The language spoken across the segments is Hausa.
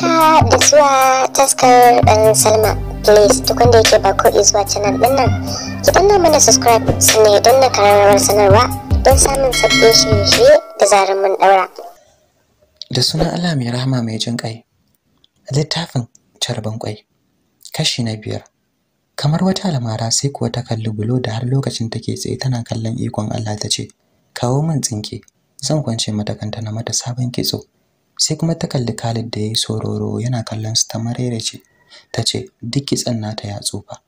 haka da zuwa taskar dan salma please duk wanda yake ba ko zuwa canal din nan ki danna mana subscribe sannan ya danna karamar sanarwa don samun sabbin shirye-shirye da zarar mun daura da sunan Allah mai rahama mai jin kai littafin carban kwai kashi na biyar kamar wata almara sai kuwa ta kalli bulo da har lokacin take tsaye tana kallon ikon Allah ta ce kawo min tsinke zan kwance mata kanta na mata sabon kitso sai kuma ta kalli Khalid da ya yi sororo yana kallon su ta marerece ta ce duk kitsan nata ya tsufa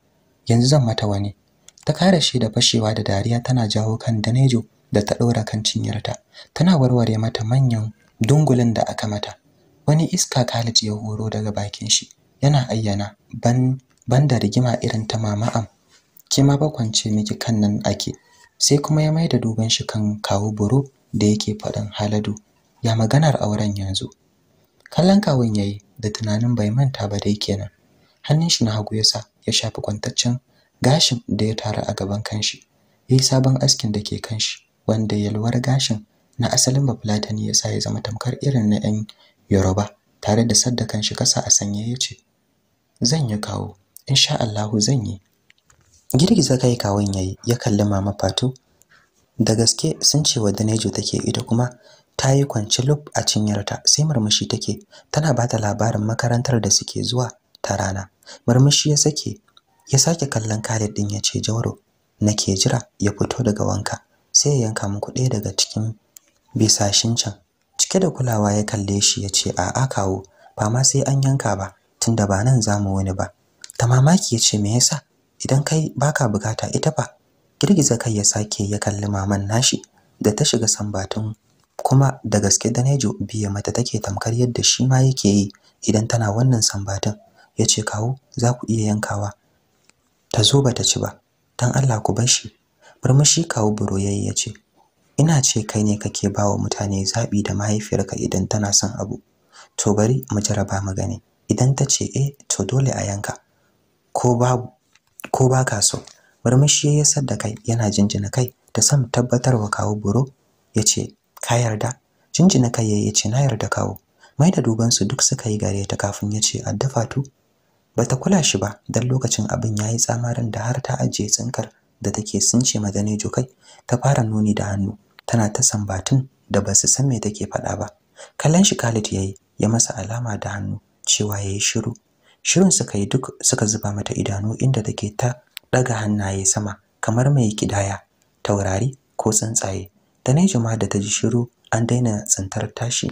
yanzu zan mata wani ta kare shi da fashewa da dariya tana jawo kan Danejo da ta ɗora kan cinyarta tana warware mata manyan dungulin da aka mata wani iska Khalid ya horo daga bakin shi yana ayyana ban ban da rigima irin ta mama am ke ma bakwance miki kan nan ake sai kuma ya maida duban shi kan kawo buro da yake faɗin haladu ya maganar auren yanzu kallon kawun yayi da tunanin bai manta ba dai kenan hannun shi na hagu ya sa ya shafi kwantaccen gashin da ya tara a gaban kanshi yayi sabon askin da ke kanshi wanda yalwar gashin na asalin bafulatani yasa ya zama tamkar irin na yan Yoruba tare da sadda kanshi kasa a sanye ce. zan yi kawo insha Allahu zan yi girgiza kai kawun yayi ya kalli mama Fatu da gaske sun ce wa Danejo take ita kuma ta yi kwance lub a cinyarta sai murmushi take tana bata labarin makarantar da suke zuwa ta rana murmushi ya sake ya sake kallon Khalid din ya ce Jauro nake jira ya fito daga wanka sai ya yanka muku ɗaya daga cikin bisashin can cike da kulawa ya kalle shi ya ce a'a kawo ba ma sai an yanka ba tunda ba nan zamu wani ba ta mamaki ya ce me yasa idan kai baka bukata ita ba girgiza kai ya sake ya kalli maman nashi da ta shiga sambatun kuma da gaske Nejo biya mata take tamkar yadda shi ma yake yi idan tana wannan sambatin yace kawo za ku iya yankawa ta zo bata ci ba dan Allah ku bar shi murmushi kawo buro yayi yace ina ce kai ne kake wa mutane zaɓi da mahaifiyarka idan tana son abu to bari mu jaraba mu gani idan ta ce eh to dole a yanka ko babu ko ba ka so murmushi ya sadda kai yana jinjina kai da tabbatar tabbatarwa kawo buro yace ka yarda jinjina kai yayi ce na yarda kawo mai da duban su duk suka yi gare ta kafin ya ce addafa tu bata kula shi ba dan lokacin abin yayi tsamarin da har ta ajiye tsinkar da take sunce madane jokai ta fara nuni da hannu tana ta sambatun da basu san me take faɗa ba kallon shi Khalid yayi ya masa alama da hannu cewa yayi shiru shirin suka yi duk suka zuba mata idanu inda take ta daga hannaye sama kamar mai kidaya taurari ko tsuntsaye ne jama'a da ta ji shiru an daina tsintar tashi.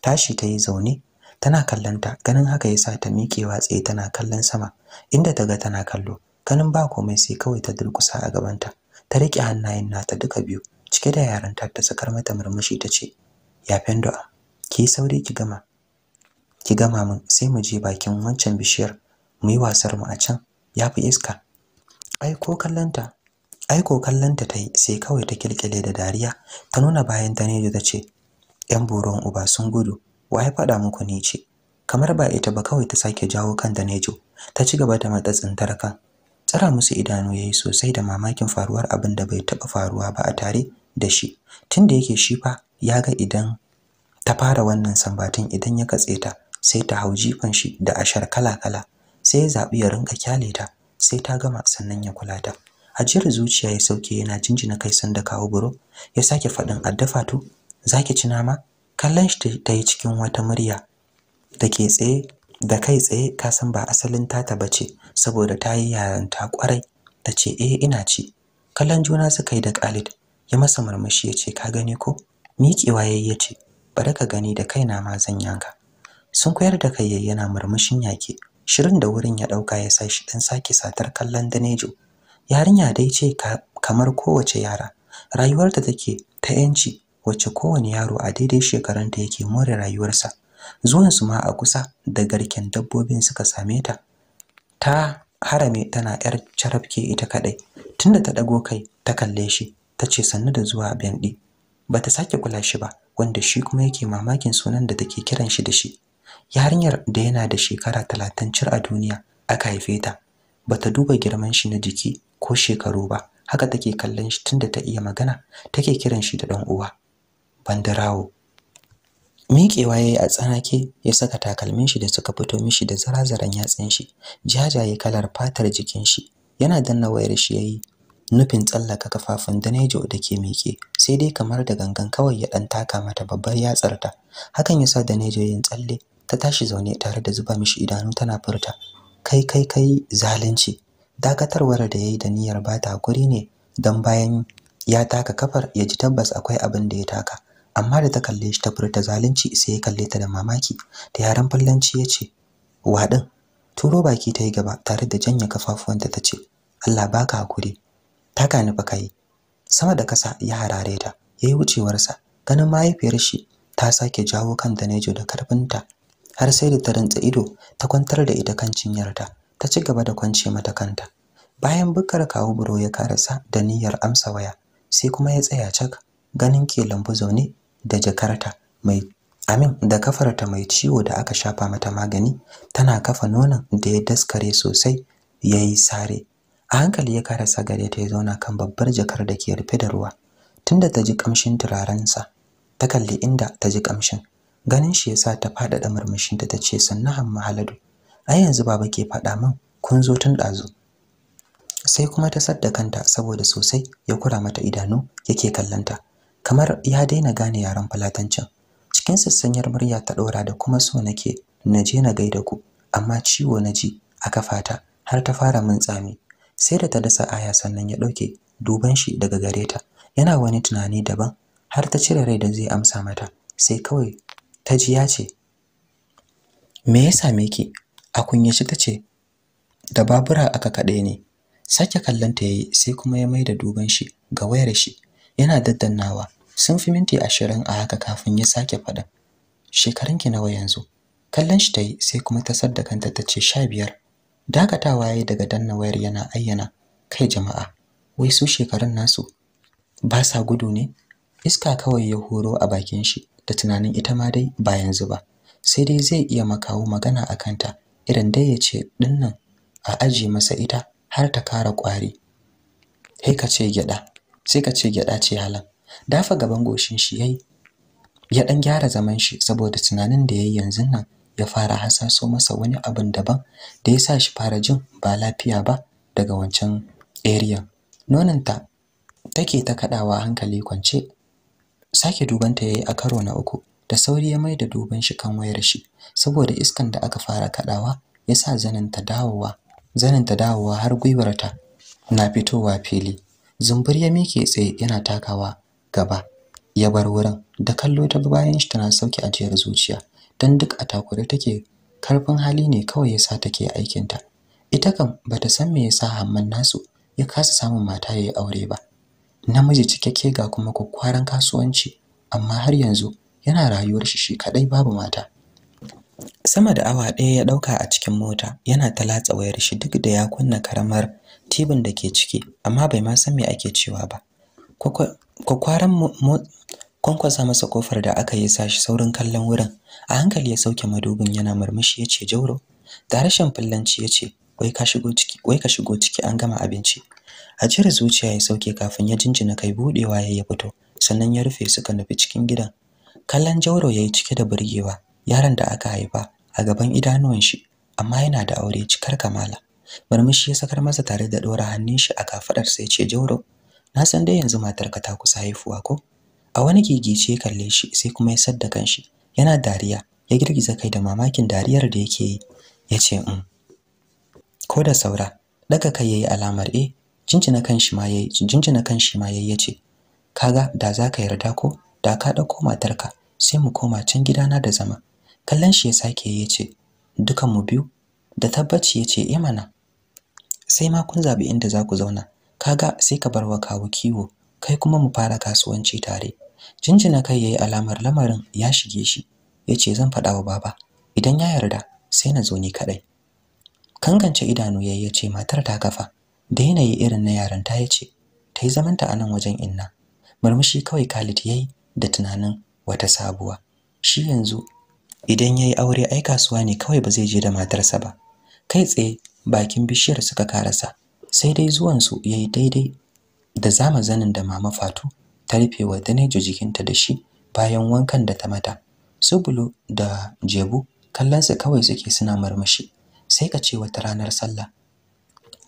Tashi ta yi zaune tana kallonta ganin haka ya sa ta miƙe tsaye tana kallon sama inda ta ga tana kallo ganin ba komai sai kawai ta durƙusa a gabanta ta riƙe hannayen nata duka biyu cike da yaranta ta sakar mata murmushi ta ce ya fendo'a ki sauri ki gama ki gama min sai mu je bakin wancan bishiyar mu yi wasar mu a can Ya fi iska ai ko kallonta. aiko kallonta ta yi sai kawai ta kirkile da dariya ta nuna bayan ta ne da ce yan boron uba sun gudu wa ya faɗa muku ni ce kamar ba ita ba kawai ta sake jawo kan nejo ta ci gaba da matsatsin tarka tsara musu idanu yayi sosai da mamakin faruwar abin da bai taba faruwa ba a tare da shi tunda yake shi fa ya ga idan ta fara wannan sambatin idan ya katse ta sai ta hau jifan shi da ashar kala-kala sai ya zabi ya rinka kyale ta sai ta gama sannan ya kula ta A ajiyar zuciya ya sauke yana jinjina kai sanda kawo buro ya sake faɗin addafa to zaki ci nama kallon shi ta yi cikin wata murya da tsaye da kai tsaye ka san ba asalin tata ce, saboda ta yi yaranta kwarai ta ce eh ina ci kallon juna suka yi da Khalid ya masa murmushi ya ce ka gani ko miƙewa yayi ya ce bari ka gani da kai na ma zan yanka sun koyar da kai yana murmushin yake shirin da wurin ya ɗauka ya sa shi dan sake satar kallon Danejo yarinya dai ce kamar kowace yara rayuwarta take ta yanci wace kowane yaro a daidai shekarunta yake more rayuwarsa zuwansu ma a kusa da garken dabbobin suka same ta ta harame tana yar carafke ita kadai tunda ta dago kai ta kalle shi ta ce sannu da zuwa bendi bata sake kula shi ba wanda shi kuma yake mamakin sunan da take kiran shi da shi yarinyar da yana da shekara talatin cir a duniya aka haife ta bata duba girman shi na jiki ko shekaru ba haka take kallon shi tunda ta iya magana take kiran shi da dan uwa bandarawo miƙewa yayi a tsanake ya saka takalmin shi da suka fito mishi da zarazaran yatsin shi jajaye kalar fatar jikin shi yana danna wayar shi yayi nufin tsallaka kafafun Danejo da ke miƙe sai dai kamar da gangan kawai ya dan taka mata babbar yatsar ta hakan yasa Danejo yin tsalle ta tashi zaune tare da zuba mishi idanu tana furta kai kai kai zalunci dakatarwar da yayi da niyyar ba ta hakuri ne don bayan ya taka kafar ya ji tabbas akwai abin da ya taka amma da ta kalle shi ta furta zalunci sai ya kalle ta da mamaki da yaren fallanci ya ce waɗin turo baki ta yi gaba tare da janye kafafuwanta ta ce Allah baka hakuri taka ni fa yi. sama da kasa ya harare ta yayi wucewarsa ganin mahaifiyar shi ta sake jawo kan Danejo da karfinta har sai da ta rantsa ido ta kwantar da ita kan cinyarta ta ci gaba da kwance mata kanta bayan bukkar kawo buro ya karasa da niyyar amsa waya sai kuma ya tsaya cak ganin ke lambu zaune da jakarta mai amin da kafarta mai ciwo da aka shafa mata magani tana kafa nonon da ya daskare sosai ya yi sare a hankali ya karasa gare ta ya zauna kan babbar jakar da ke rufe da ruwa tunda ta ji kamshin turarensa ta kalli inda ta ji kamshin ganin shi ya sa ta faɗaɗa murmushinta ta ce sannu hamma haladu ai yanzu baba ke faɗa min kun zo tun ɗazu sai kuma ta sadda kanta saboda sosai ya kura mata idanu yake kallanta kamar ya daina gane yaren falatancin cikin sassanyar murya ta ɗora da kuma so nake na je na gaida ku amma ciwo na ji a kafata har ta fara min tsami sai da ta dasa aya sannan ya ɗauke duban shi daga gare ta yana wani tunani daban har ta cire rai da zai amsa mata sai kawai ta ji ya ce me ya same ki a kunyace ta ce da babura aka kaɗai ne sake kallon ta yayi sai kuma ya maida duban shi ga wayar shi yana daddannawa sun fi minti ashirin a haka kafin ya sake faɗa shekarunki nawa yanzu kallon shi ta yi sai kuma ta sarda kanta ta ce sha biyar dakatawa yayi daga danna wayar yana ayyana kai jama'a wai su shekarun nasu ba sa gudu ne iska kawai ya horo a bakin shi da tunanin ita ma dai ba yanzu ba sai dai zai iya makawo magana a kanta irin dai ya ce ɗinnan a aji masa ita har ta kara ƙwari sai ka ce gyaɗa sai ka ce gyaɗa ce halan dafa gaban goshin shi yayi ya ɗan gyara zaman shi saboda tunanin da yayi yanzu nan ya fara hasaso masa wani abin daban da ya sa shi fara jin ba lafiya ba daga wancan area ta take ta kaɗawa hankali kwance sake dubanta yayi a karo na uku da sauri ya maida duban shi kan wayar shi saboda iskan da aka fara kadawa yasa zanin ta dawowa zanin ta dawowa har gwiwar ta. na fitowa fili zumbur ya mike tsaye yana takawa gaba ya bar wurin da kallo ta bayan shi tana sauki ajiyar zuciya dan duk a takure take karfin hali ne kawai yasa take aikin ta ita kam bata san me yasa Hamman nasu ya kasa samun mata yayi aure ba namiji cikakke ga kuma kwakkwaran kasuwanci amma har yanzu yana rayuwar shi shi kadai babu mata sama da awa ɗaya ya ɗauka a cikin mota yana ta latsa wayar shi duk da ya kunna karamar tibin da ke ciki amma bai ma san me ake cewa ba kwakwaran kwankwasa masa kofar da aka yi sashi saurin kallon wurin a hankali ya sauke madubin yana murmushi ya ce jauro da rashin fillanci ya ce wai ka shigo ciki an gama abinci a cire zuciya ya sauke kafin ya jinjina kai budewa ya fito sannan ya rufe suka nufi cikin gidan kallon jauro yayi cike da burgewa yaron da aka haifa a gaban idanuwan shi amma yana da aure cikar kamala murmushi ya sakar masa tare da dora hannun shi a kafadar sai ce jauro na san dai yanzu matarka ta kusa haifuwa ko a wani gigice ya kalle shi sai kuma ya sadda kanshi yana dariya ya girgiza kai da mamakin dariyar da yake yi ya ce um ko da saura daga kai yayi alamar eh jinjina kanshi ma yayi jinjina kanshi ma yayi ce kaga da za ka yarda ko da ka ɗauko matarka sai mu koma can gidana da zama kallon shi ya sake ya ce dukan mu biyu da tabbaci yace ce eh mana sai ma kun zabi inda za ku zauna kaga sai ka bar wa kawo kiwo kai kuma mu fara kasuwanci tare jinjina kai yayi alamar lamarin ya shige shi yace zan faɗawa wa baba idan ya yarda sai na zo ni kadai kangance idanu yayi yace matar ta kafa da yanayi irin na yaran ta yace tayi zaman ta anan wajen inna murmushi kawai Khalid yayi da tunanin wata sabuwa shi yanzu idan yayi aure ai kasuwa ne kawai ba zai je da matarsa ba kai tsaye bakin bishiyar suka karasa sai dai zuwan su yayi daidai da zama zanin da mama Fatu ta rufe rufewa Danejo jikinta da shi bayan wankan da ta mata Subulu da Jebu kallonsa kawai suke suna marmashi sai ka ce wata ranar sallah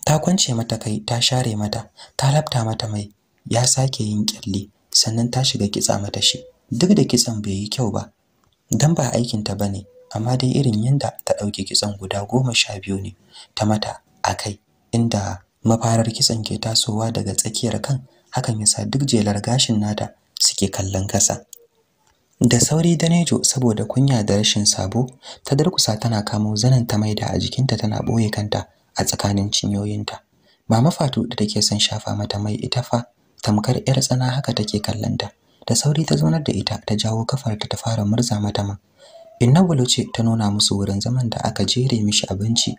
ta kwance mata kai ta share mata ta lafta mata mai ya sake yin kyalli sannan ta shiga kitsa mata shi duk da kitsan bai yi kyau ba dan ba aikinta ta bane amma dai irin yanda ta dauke kitsan guda goma sha biyu ne ta mata akai inda mafarar kitsan ke tasowa daga tsakiyar kan hakan yasa duk jelar gashin nata suke kallon kasa da sauri danejo saboda kunya da rashin sabo ta durkusa tana kamo zanen ta maida a jikinta tana boye kanta a tsakanin cinyoyinta mama fatu da take son shafa mata mai ita fa tamkar yar tsana haka take kallonta da sauri ta zonar da ita ta jawo kafarta ta fara murza mata ma. inna ce ta nuna musu wurin zaman da aka jere mishi abinci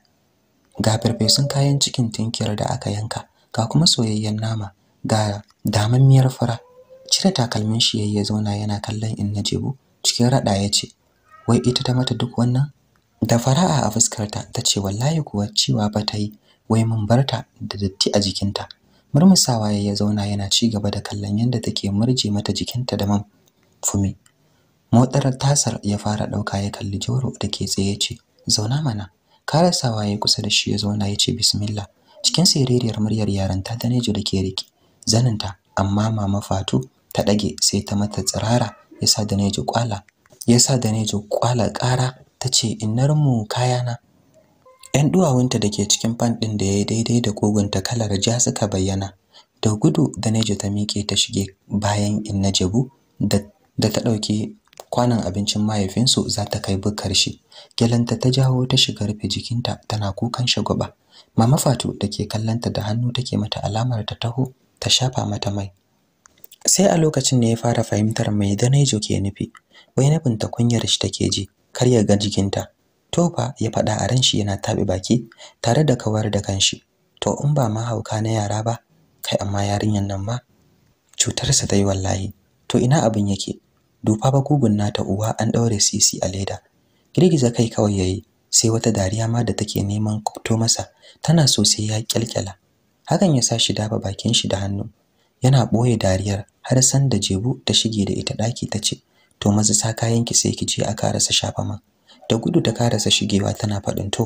ga farfesun kayan cikin tinkiyar da aka yanka ga kuma soyayyen nama ga miyar fara cire takalmin shi yayi ya zauna yana kallon inna jebu cikin rada ya ce wai ita ta mata duk wannan da fara'a a fuskarta ta ce wallahi kuwa cewa ba ta yi wai mun barta da datti a jikinta murmusawa ya zauna yana ci gaba da kallon yadda take murje mata jikinta da man fumi motar tasar ya fara ɗauka ya kalli joro da ke tsaye ce zauna mana karasawa ya kusa da shi ya zauna ya ce bismillah cikin siririyar muryar yaranta ta nejo da ke riki zaninta amma mama fatu ta dage sai ta mata tsirara yasa da kwala yasa da kwala kara ta ce innar mu kayana 'yan duwawunta da ke cikin fan ɗin da ya yi daidai da kogunta kalar ja suka bayyana da gudu da neja ta miƙe ta shige bayan inna jabu da ta ɗauki kwanan abincin mahaifinsu za ta kai bukar shi gyalanta ta jawo ta shiga rufe jikinta tana kukan shagwaba mama fatu da ke kallanta da hannu take mata alamar ta taho ta shafa mata mai sai a lokacin da ya fara fahimtar mai danejo ke nufi wai nufin ta kunyar shi take ji kar ya ga jikinta Tofa ya faɗa a ran shi yana taɓe baki tare da kawar da kanshi to in ba ma hauka na yara ba kai amma yarinyar nan ma cutarsa ta yi wallahi to ina abin yake dufa ba gugun nata uwa an ɗaure sisi a leda girgiza kai kawai yayi sai wata dariya ma da take neman kuto masa tana so sai ya kyalkyala hakan ya sa shi dafa bakin shi da hannu yana ɓoye dariyar har san da jebu ta shige da ita ɗaki ta ce to maza sa kayanki sai ki je aka rasa shafa man. da gudu ta karasa shigewa tana faɗin to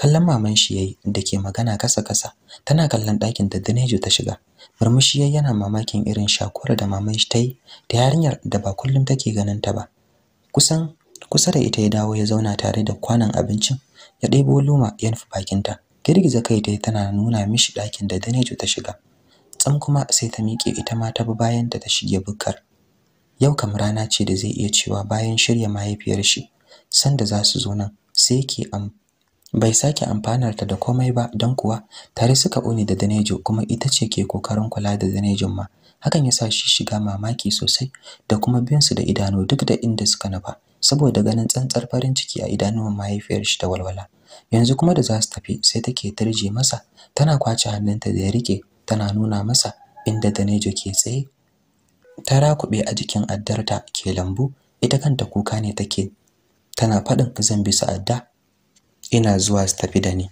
kallon maman shi yayi da ke magana kasa kasa tana kallon ɗakin da Dinejo ta shiga murmushi yayi yana mamakin irin shakura da maman shi ta yi da yarinyar da ba kullum take ganin ta ba kusan kusa da ita ya dawo ya zauna tare da kwanan abincin ya ɗebo luma ya nufi bakinta girgiza kai ta tana nuna mishi ɗakin da Dinejo ta shiga tsam kuma sai ta miƙe ita ma ta bi bayan ta ta shige bukkar yau kam rana ce da zai iya cewa bayan shirya mahaifiyar shi sanda za su zo nan sai ke am bai sake amfanar ta da komai ba don kuwa tare suka uni da Danejo kuma ita ce ke kokarin kula da Danejin ma hakan ya sa shi shiga mamaki sosai da kuma bin su da idanu duk da inda suka nafa, saboda ganin tsantsar farin ciki a idanun mahaifiyar shi da walwala yanzu kuma da za su tafi sai take tarje masa tana kwace hannunta da ya rike tana nuna masa inda Danejo ke tsaye ta rakuɓe a jikin addarta ke lambu ita kanta kuka ne take tana faɗin zan bi su adda ina zuwa su tafi da ni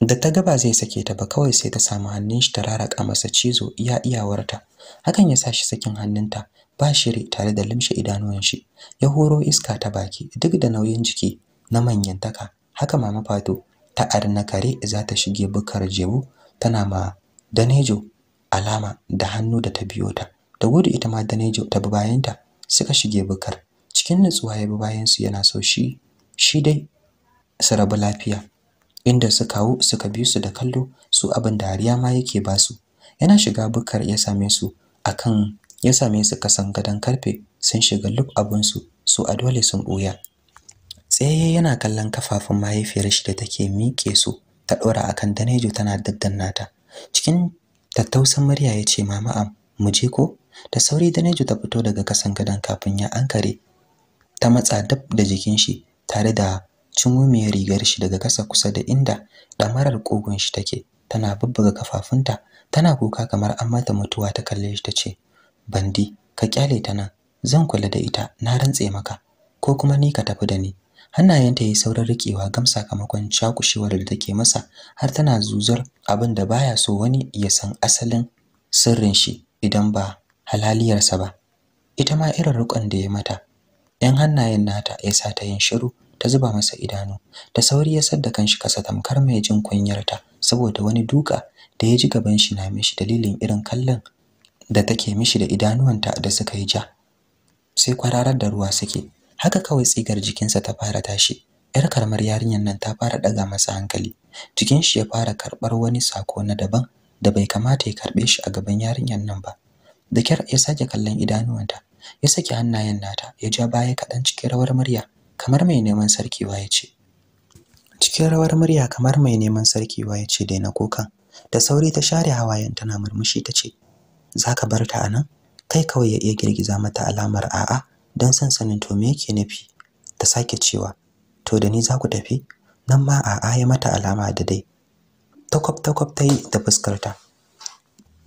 da ta gaba zai sake ta ba kawai sai ta samu hannun shi ta raraka masa cizo ya iyawarta hakan ya sa shi sakin hannunta ba shiri tare da limshe idanuwan shi ya horo iska ta baki duk da nauyin jiki na manyan taka, haka mama fato ta arna kare za ta shige bukar jebu tana ma danejo alama da hannu da ta biyo ta da gudu ita ma danejo ta bayanta suka shige bukar cikin nutsuwa ya bi bayan su yana so shi shi dai su rabu lafiya inda su kawo suka bi su da kallo su abin dariya ma yake ba su yana shiga bukar ya same su akan ya same su kasan gadon karfe sun shiga lub abunsu su a dole sun ɓuya. tsaye yana kallon kafafun mahaifiyar shi da take miƙe su ta ɗora akan danejo tana daddanna nata cikin tattausan murya ya ce mama am mu je ko da sauri danejo ta fito daga kasan gadon kafin ya ankare ta matsa dab da jikin shi tare da cimumiyar rigar shi daga kasa kusa da inda ɗamarar kogon shi take tana bubbuga kafafunta tana kuka kamar an mata mutuwa ta kalle shi tace bandi ka kyale ta nan zan kula da ita na rantse maka ko kuma ni ka tafi da ni hannayenta yayi saurin rikewa gam sakamakon cakushewar da take masa har tana zuzar abin da baya so wani ya san asalin sirrin shi idan ba halaliyarsa ba ita ma irin rukon da ya mata 'yan hannayen nata ya sa ta yin shiru ta zuba masa idanu da sauri ya sadda kanshi kasa tamkar mai jin kunyarta saboda wani duka da ya ji gaban shi na mishi dalilin irin kallon da take mishi da idanuwanta da suka yi ja sai kwararar da ruwa suke haka kawai tsigar jikinsa ta fara tashi yar karmar yarinyar nan ta fara daga masa hankali jikin shi ya fara karbar wani sako na daban da bai kamata ya karbe shi a gaban yarinyar nan ba da kyar ya sake kallon idanuwanta ya saki hannayen nata ya ja baya kaɗan cikin rawar murya kamar mai neman sarki ya ce cikin rawar murya kamar mai neman sarkewa ya ce daina kukan da sauri ta share hawayen tana murmushi ta ce za ka bar ta a nan kai kawai ya iya girgiza mata alamar a'a don son sanin to me yake nufi ta sake cewa to da ni za ku tafi nan ma a'a ya mata alama da dai takwab takwab ta yi da fuskarta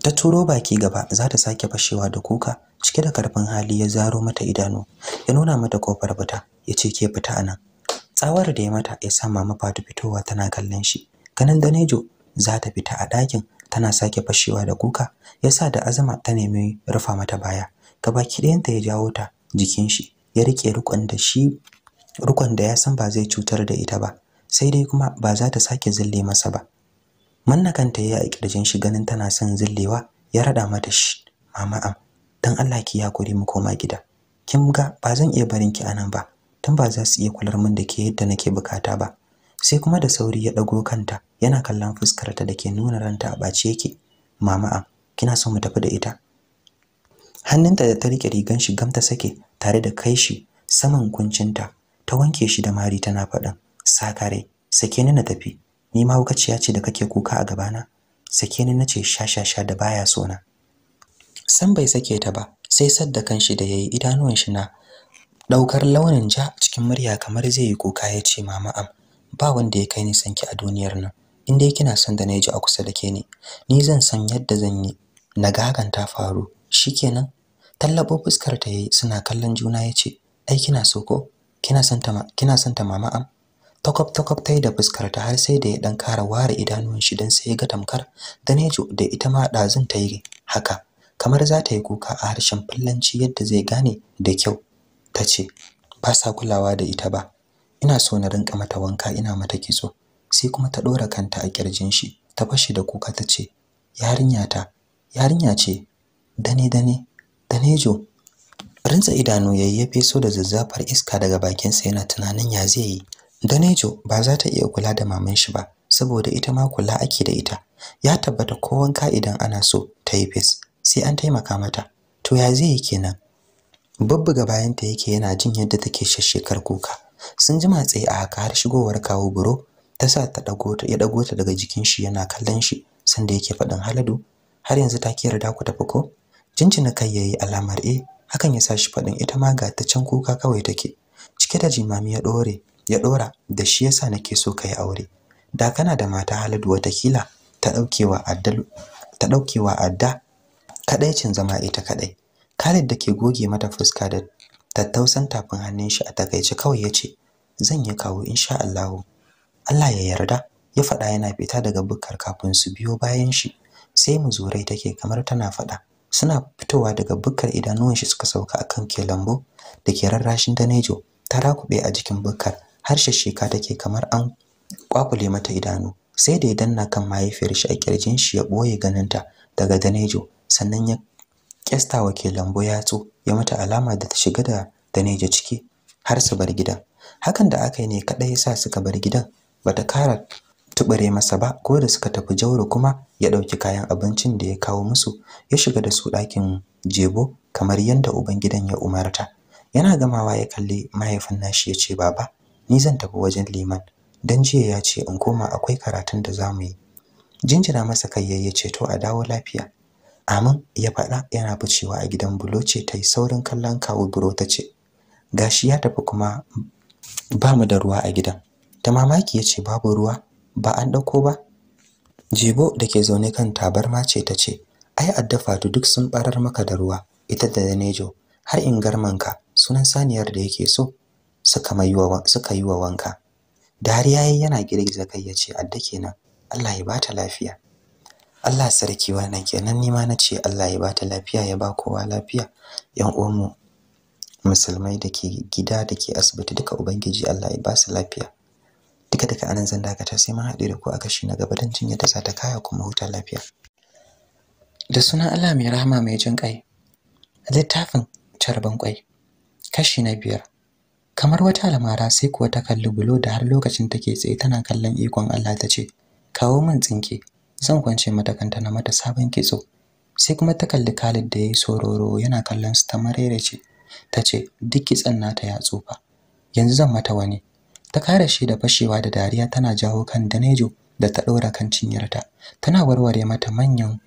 ta turo baki gaba za ta sake fashewa da kuka cike da karfin hali ya zaro mata idanu ya nuna mata kofar fita ya ce ke fita anan tsawar da ya mata ya sa mama Fatu fitowa tana kallon shi ganin Danejo za ta fita a ɗakin tana sake fashewa da kuka ya sa da azama ta nemi rufa mata baya gabaki ɗayanta ya jawo ta jikin shi ya rike rukun da shi rukun da ya san ba zai cutar da ita ba sai dai kuma ba za ta sake zille masa ba manna kanta ya yi kirjin shi ganin tana son zillewa ya rada mata shi mama dan Allah ki ya hakuri mu koma gida kin ga ba zan iya barin ki anan ba tun ba za su iya kular min da ke yadda nake bukata ba sai kuma da sauri ya dago kanta yana kallon fuskar ta dake nuna ranta a bace yake mama am kina so mu tafi da ita hannunta da ta rike rigan shi gamta sake tare da kai shi saman kuncinta ta wanke shi da mari tana faɗin sakare sake ni na tafi ni ma hukaciya ce da kake kuka a gabana sake ni nace sha da baya sona san bai sake ta ba sai sadda kanshi da yayi idanuwan shi na daukar launin ja cikin murya kamar zai yi kuka ya ce mama am ba wanda ya kai ni sanki a duniyar nan in dai kina son da naji a kusa da ke ne ni zan san yadda zan yi na ta faru shikenan tallabo fuskar ta yayi suna kallon juna ya ce ai kina so ko kina son ta kina son ta mama am takwab takwab tai da fuskar ta har sai da ya dan kara ware idanuwan shi dan sai ya ga tamkar da da ita ma dazun ta yi haka kamar za ta yi kuka a harshen fullanci yadda zai gane da kyau ta ce ba sa kulawa da ita ba ina so na rinka mata wanka ina mata kitso sai kuma ta ɗora kanta a ƙirjin shi ta fashe da kuka ta ce yarinya ta yarinya ce dane dane danejo rinsa idanu ya yi ya so da zazzafar iska daga bakinsa yana tunanin ya zai yi danejo ba za ta iya kula da maman shi ba saboda ita ma kula ake da ita ya tabbata ko wanka idan ana so ta yi fes sai an taimaka mata to ya zai yi kenan bubbuga bayanta yake yana jin yadda take shashshekar kuka sun jima tsaye a haka har shigowar kawo buro ta sa ta dago ta ya dago ta daga jikin shi yana kallon shi sanda yake faɗin haladu har yanzu ta kiyar da ku tafi ko jinjina kai yayi alamar e hakan ya sa shi faɗin ita ma ga ta can kuka kawai take cike da jimami ya dore ya dora da shi yasa nake so kai aure da kana da mata haladu wata kila ta daukewa addal ta daukewa adda kadaicin zama ita kadai Khalid da ke goge mata fuska da tattausan tafin hannun shi a takaice kawai ya ce zan yi kawo insha Allah Allah ya yarda ya faɗa yana fita daga bukkar kafin su biyo bayan shi sai mu zurai take kamar tana faɗa suna fitowa daga bukkar idanuwan shi suka sauka akan kelambo da ke rarrashin danejo ta rakube a jikin bukkar har sheka take kamar an kwakule mata idanu sai da ya danna kan mahaifiyar shi a kirjin shi ya boye ganinta daga danejo sannan ya kesta wa ya yatsu ya mata alama da ta shiga da Daneja ciki har su bar gidan. Hakan da aka yi ne kaɗai yasa suka bar gidan bata kara tubare masa ba ko da suka tafi Jauro kuma ya ɗauki kayan abincin da ya kawo musu ya shiga da su ɗakin jebo kamar yadda ubangidan ya umarta. Yana gamawa ya kalli mahaifin nashi ya ce baba ni zan tafi wajen liman dan jiya ya ce in koma akwai karatun da za mu yi. Jinjira masa kai ya ce to a dawo lafiya amin ya faɗa yana ficewa a gidan bulo ce ta yi saurin kallon kawo buro ta ce gashi ya tafi kuma ba mu da ruwa a gidan ta mamaki ya ce babu ruwa ba an ɗauko ba jebo da ke zaune kan tabarma ce ta ce ai addafa duk sun barar maka da ruwa ita da danejo har in garmanka sunan saniyar da yake so suka suka yi wa wanka dariya ya yana girgiza kai yace adda kenan Allah ya bata lafiya Allah sarki wannan kenan nima na ce Allah ya bata lafiya ya ba kowa lafiya yan uwanmu musulmai dake gida da ke asibiti duka ubangiji Allah ya ba su lafiya duka duka anan zan dakata sai mun haɗe da ku a kashi na gaba dan jinya ta zata kaya kuma huta lafiya da sunan Allah mai rahama mai jin kai littafin carban kwai kashi na biyar kamar wata almara sai kuwa ta kalli bulo da har lokacin take tsaye tana kallon ikon Allah ta ce kawo min tsinke zan kwance mata kanta na mata sabon kitso sai kuma ta kalli Khalid da yayi sororo yana kallon su ta marerece ta ce duk kitson nata ya tsufa yanzu zan mata wani ta kare shi da fashewa da dariya tana jawo kan Danejo da ta ɗora kan cinyarta tana warware mata manyan